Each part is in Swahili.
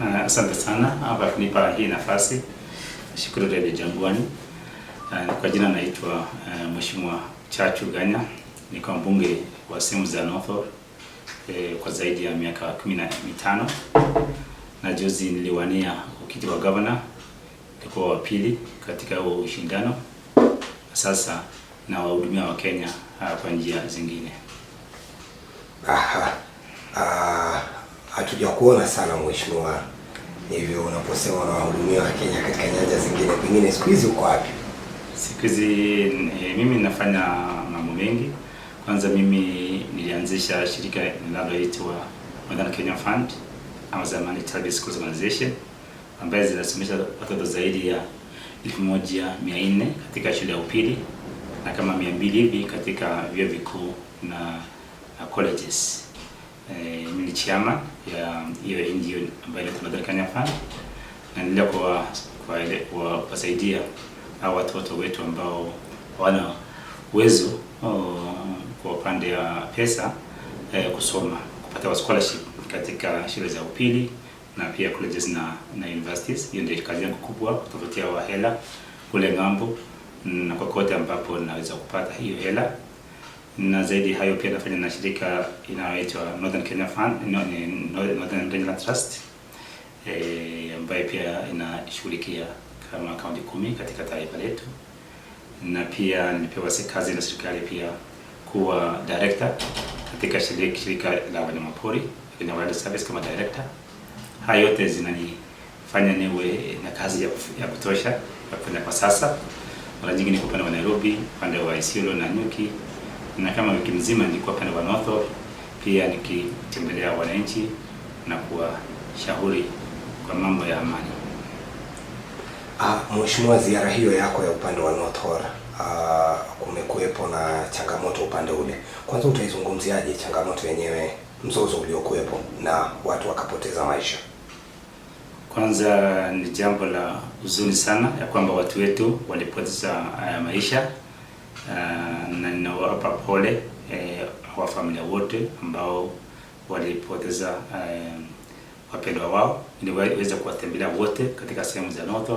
Uh, asante sana hapa kunipa hii nafasi. Shukuru Radio Jangwani. Uh, kwa jina naitwa uh, Mheshimiwa Chachu Ganya. Nilikuwa mbunge wa sehemu za North Horr kwa zaidi ya miaka kumi na mitano na juzi niliwania ukiti wa governor, nilikuwa wa pili katika huo ushindano. Sasa na wahudumia wa Kenya uh, kwa njia zingine. Aha. Ah hatujakuona sana mheshimiwa. Hivyo unaposema unawahudumia Wakenya katika nyanja zingine, pengine siku hizi uko wapi? Siku hizi eh, mimi nafanya mambo mengi. Kwanza mimi nilianzisha shirika linaloitwa Modern Kenya Fund ama zamani Tabi Schools Organization ambaye zinasomesha watoto zaidi ya 1400 katika shule ya upili na kama 200 hivi katika vyuo vikuu na, na colleges. E, mimi ni chairman ya hiyo NGO ambayo ileta madarakani hapa, na kwa kwa ile kuwasaidia hao watoto wetu ambao wana uwezo kwa upande wa pesa eh, kusoma kupata scholarship katika shule za upili na pia colleges na, na universities. Hiyo ndio kazi yangu kubwa, kutafutia wahela kule ng'ambo na kokote ambapo naweza kupata hiyo hela na zaidi hayo pia nafanya na shirika inayoitwa Northern Kenya Fund, Northern Kenya Trust e, ambayo pia inashughulikia kama kaunti kumi katika taifa letu, na pia nipewa kazi na serikali pia kuwa director katika shirika, shirika la wanyamapori Kenya Wildlife Service kama director. Hayo yote zinanifanya niwe na kazi ya, ya kutosha ya kufanya kwa sasa. Mara nyingi niko upande wa Nairobi, upande wa Isiolo na Nyuki na kama wiki mzima nilikuwa pande wa North pia nikitembelea wananchi na kuwashauri kwa mambo ya amani. Ah, mheshimiwa, ziara hiyo yako ya upande wa North Hope ah, kumekuwepo na changamoto upande ule. Kwanza utaizungumziaje changamoto yenyewe, mzozo uliokuwepo na watu wakapoteza maisha? Kwanza ni jambo la huzuni sana ya kwamba watu wetu walipoteza uh, maisha uh, na ninawapa pole eh, wa familia wote ambao walipoteza eh, wapendwa wao. Niliweza kuwatembelea wote katika sehemu za North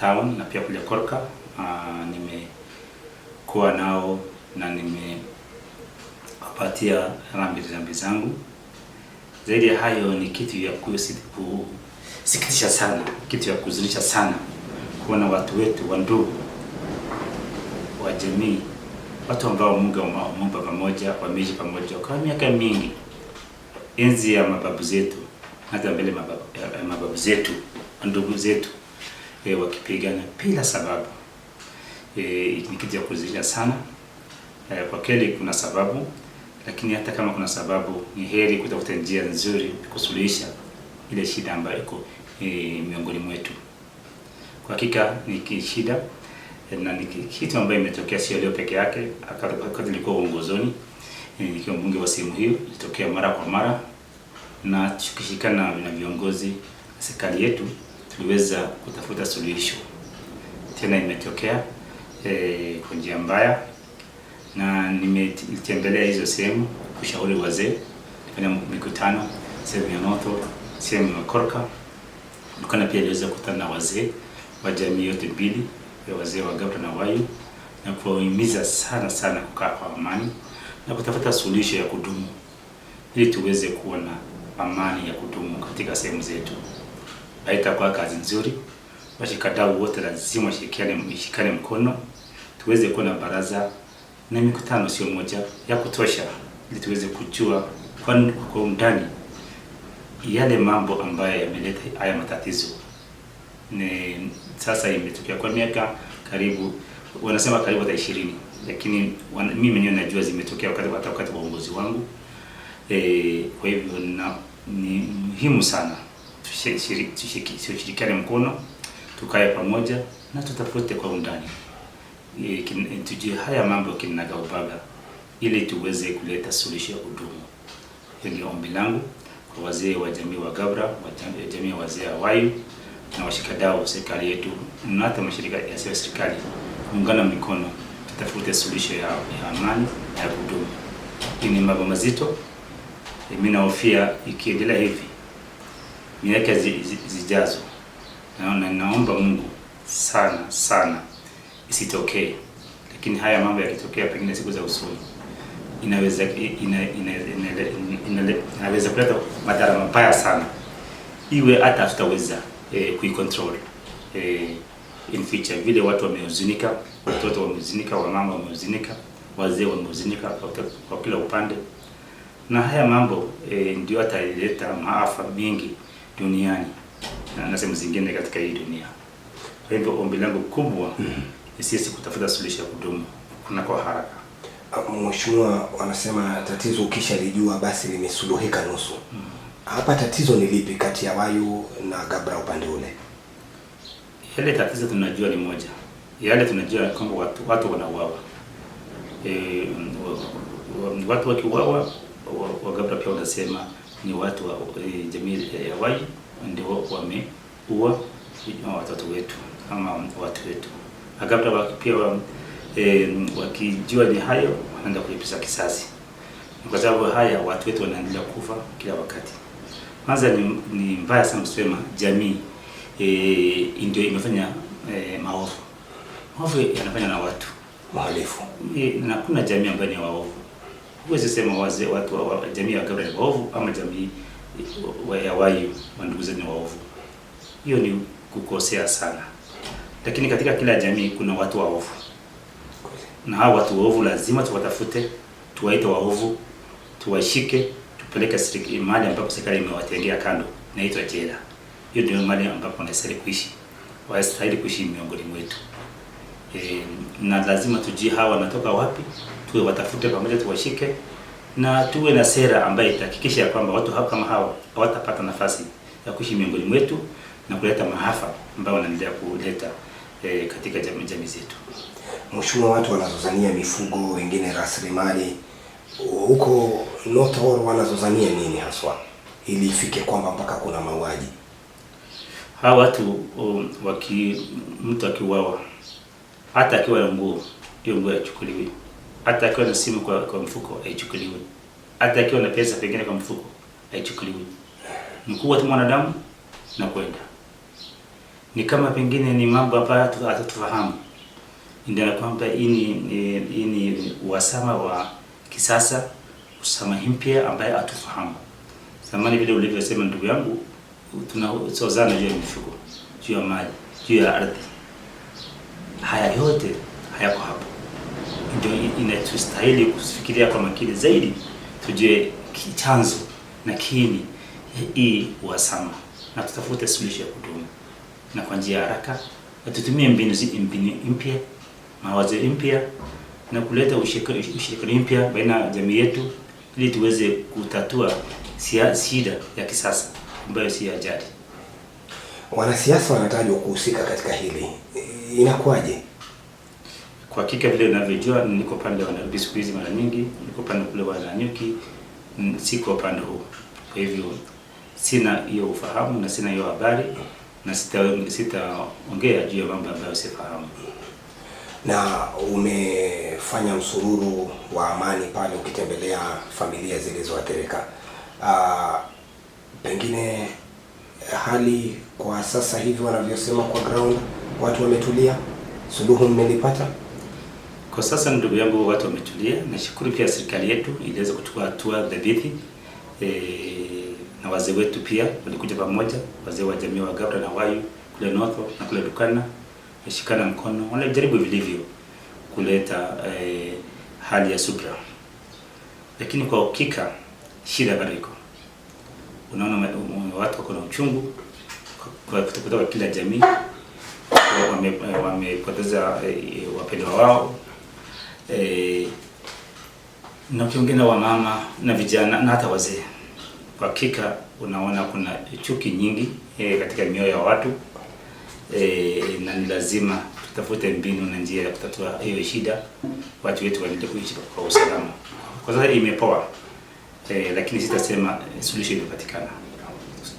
town na pia kule Korka. Ah, nimekuwa nao na nimewapatia rambi rambi zangu. Zaidi ya hayo, ni kitu ya kusikitisha sana, kitu ya kuzunisha sana kuona watu wetu wa ndugu wa jamii watu ambao Mungu pamoja wameishi pamoja kwa miaka mingi, enzi ya mababu zetu, hata mbele mababu, mababu zetu, ndugu zetu e, wakipigana bila sababu e, ni kitu ya sana e, kwa kweli kuna sababu, lakini hata kama kuna sababu, ni heri kutafuta njia nzuri kusuluhisha ile shida ambayo iko e, miongoni mwetu. Kwa hakika ni kishida Eh, na ni kitu ambayo imetokea sio leo peke yake, akati nilikuwa uongozoni eh, nikiwa mbunge wa sehemu hiyo, ilitokea mara kwa mara, na tukishikana na viongozi serikali yetu tuliweza kutafuta suluhisho. Tena imetokea e, kwa njia mbaya, na nimetembelea hizo sehemu kushauri wazee, nifanya mikutano sehemu ya Noto, sehemu ya Korka, dukana pia iliweza kukutana na wazee wa jamii yote mbili ya wazee wa Gabta na Wayu na kuwahimiza sana sana kukaa kwa amani na kutafuta suluhisho ya kudumu ili tuweze kuwa na amani ya kudumu katika sehemu zetu. Haitakuwa kazi nzuri. Washikadau wote lazima mshikane mkono, tuweze kuwa na baraza na mikutano sio moja ya kutosha, ili tuweze kujua kwa undani yale mambo ambayo yameleta haya matatizo ni sasa imetokea kwa miaka karibu wanasema karibu hata ishirini, lakini mimi mwenyewe najua zimetokea wakati hata wakati wa uongozi wangu e, kwa hivyo na ni muhimu sana tushirikiane mkono, tukae pamoja na tutafute kwa undani e, e tujue haya mambo kinaga ubaga ili tuweze kuleta suluhisho ya kudumu. Hiyo ndio ombi langu kwa wazee wa jamii wa Gabra, wa jamii wazee wa Wayu na washikadau wa serikali yetu na hata mashirika yasiyo ya serikali kuungana mikono, tutafute suluhisho ya, amani na ya kudumu. Ni mambo mazito, eh, mimi nahofia ikiendelea hivi miaka zijazo, naona naomba Mungu sana sana isitokee, lakini haya mambo yakitokea, pengine siku za usoni inaweza ina, ina, ina, ina, ina, kuleta madhara mabaya sana, iwe hata hatutaweza eh, kuicontrol eh, in future, vile watu wamehuzunika, watoto wamehuzunika, wamama wamehuzunika, wazee wamehuzunika kwa kila upande, na haya mambo eh, ndio ataleta maafa mengi duniani na, sehemu zingine katika hii dunia. Kwa hivyo ombi langu kubwa mm -hmm. sisi kutafuta suluhisho ya kudumu kuna kwa haraka ah, Mheshimiwa, wanasema tatizo ukishalijua basi limesuluhika nusu. mm -hmm hapa tatizo ni lipi kati ya Wayu na Gabra upande ule? Yale tatizo tunajua ni moja, yale tunajua kwamba watu, watu wanauawa e, um, watu wakiuawa Wagabra pia wanasema ni watu wa e, jamii ya Wayu ndio wameua watoto wetu ama watu wetu. Wagabra pia wa, e, wakijua ni hayo wanaenda kulipiza kisasi, kwa sababu haya watu wetu wanaendelea kufa kila wakati. Kwanza ni, ni mbaya sana kusema jamii e, ndio imefanya e, maovu. Maovu yanafanya na watu wahalifu. E, na kuna jamii ambayo ni waovu. Huwezi sema wazee watu wa, wa, jamii ya Gabriel ni waovu ama jamii wa, ya Wayu wanduguze ni waovu. Hiyo ni kukosea sana. Lakini katika kila jamii kuna watu waovu. Na hawa watu waovu lazima tuwatafute, tuwaite waovu, tuwashike kupeleka mahali ambapo serikali imewatengea kando, inaitwa jela. Hiyo ndio mahali ambapo wanastahili kuishi, wanastahili kuishi miongoni mwetu. E, na lazima tujue hawa wanatoka wapi, tuwe watafute pamoja, tuwashike na tuwe na sera ambayo itahakikisha kwamba watu hao kama hawa hawatapata nafasi ya kuishi miongoni mwetu na kuleta maafa ambayo wanaendelea kuleta e, katika jamii zetu. Mheshimiwa, watu wanazozania mifugo, wengine rasilimali huko North Horr wanazozania nini haswa ili ifike kwamba mpaka kuna mauaji? Hawa watu um, waki mtu akiuawa hata akiwa na nguo, hiyo nguo haichukuliwi. Hata akiwa na simu kwa, kwa mfuko haichukuliwi. Hata akiwa na pesa pengine kwa mfuko haichukuliwi. Mkuu wa mwanadamu na kwenda ni kama pengine ni mambo ambayo hatatufahamu, ndio kwamba hii ni eh, uhasama wa kisasa, usamahi mpya ambaye atufahamu Zamani vile ulivyosema ndugu yangu, tunasozana juu ya mifugo, juu ya maji, juu ya ardhi. Haya yote hayako hapo, ndio inatustahili kufikiria kwa makini zaidi, tujue kichanzo na kiini hii uhasama na tutafute suluhisho ya kudumu na kwa njia ya haraka, atutumie mbinu mpya, mawazo mpya na kuleta ushirikiano mpya baina ya jamii yetu ili tuweze kutatua shida ya kisasa ambayo si ya jadi. Wanasiasa wanatajwa kuhusika katika hili, inakuwaje? Kwa hakika vile ninavyojua, niko pande wa Nairobi siku hizi, mara nyingi niko pande kule wa Nanyuki, siko upande huu. Kwa hivyo sina hiyo ufahamu na sina hiyo habari na sitaongea sita juu ya mambo ambayo sifahamu na umefanya msururu wa amani pale ukitembelea familia zilizoathirika. Uh, pengine hali kwa sasa hivi wanavyosema kwa ground, watu wametulia, suluhu mmelipata? Kwa sasa ndugu yangu, watu wametulia. Nashukuru pia serikali yetu iliweza kuchukua hatua dhabiti e, na wazee wetu pia walikuja pamoja, wazee wa jamii wa Gabra na Wayu kule North na kule Dukana wameshikana mkono, wanajaribu vilivyo kuleta eh, hali ya subra, lakini kwa hakika shida bado iko. Unaona um, um, watu wako na uchungu kwa kila jamii, wamepoteza eh, wapendwa wao eh, na ukiongea na wamama na vijana na hata wazee, kwa hakika unaona kuna chuki nyingi eh, katika mioyo ya watu e, na ni lazima tutafute mbinu na njia ya kutatua hiyo shida, watu wetu waende kuishi kwa usalama. Kwa sasa imepoa e, lakini sitasema eh, solution imepatikana.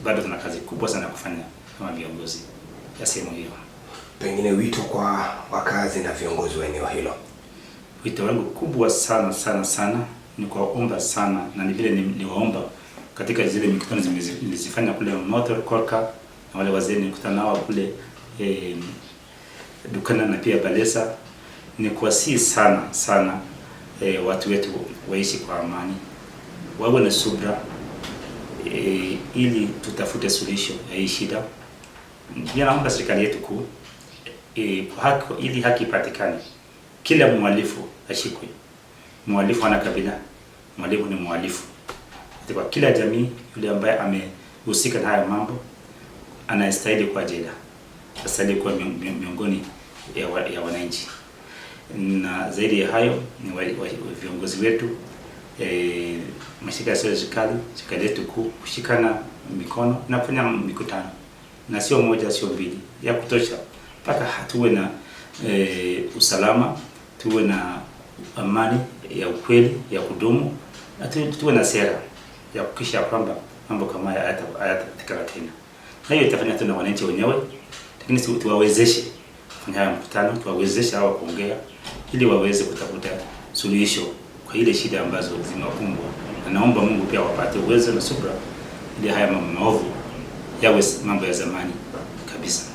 Bado tuna kazi kubwa sana kufanya kama viongozi ya sehemu hiyo. Pengine wito kwa wakazi na viongozi wa eneo hilo. Wito wangu kubwa sana sana sana ni kuwaomba sana na ni vile niwaomba ni katika zile mikutano nilizifanya kule Motor Korka na wale wazee nilikutana nao kule eh, Dukana na pia Balesa ni kuwasihi sana sana eh, watu wetu waishi kwa amani, wawe na subra eh, ili tutafute suluhisho ya hii shida. Naomba serikali yetu kuu eh, ili haki ipatikane, kila mhalifu ashikwe. Mhalifu ana kabila, mhalifu ni mhalifu. Kwa kila jamii yule ambaye amehusika na haya mambo anastahili kwa jela asali kuwa miongoni ya, wa, ya wananchi. Na zaidi ya hayo ni wa, wa, viongozi wetu e, mashirika ya serikali, serikali yetu kuu kushikana mikono na kufanya mikutano, na sio moja sio mbili, ya kutosha mpaka hatuwe na e, usalama, tuwe na amani ya ukweli ya kudumu na tuwe na sera ya kuhakikisha kwamba mambo kama haya hayatatokea tena, na hiyo itafanya tu na wananchi wenyewe lakini si tuwawezeshe kufanya haya mkutano, tuwawezeshe hawa kuongea ili waweze kutafuta suluhisho kwa ile shida ambazo zimewakumbwa, na naomba Mungu pia wapate uwezo na subra ili haya mambo maovu yawe mambo ya zamani kabisa.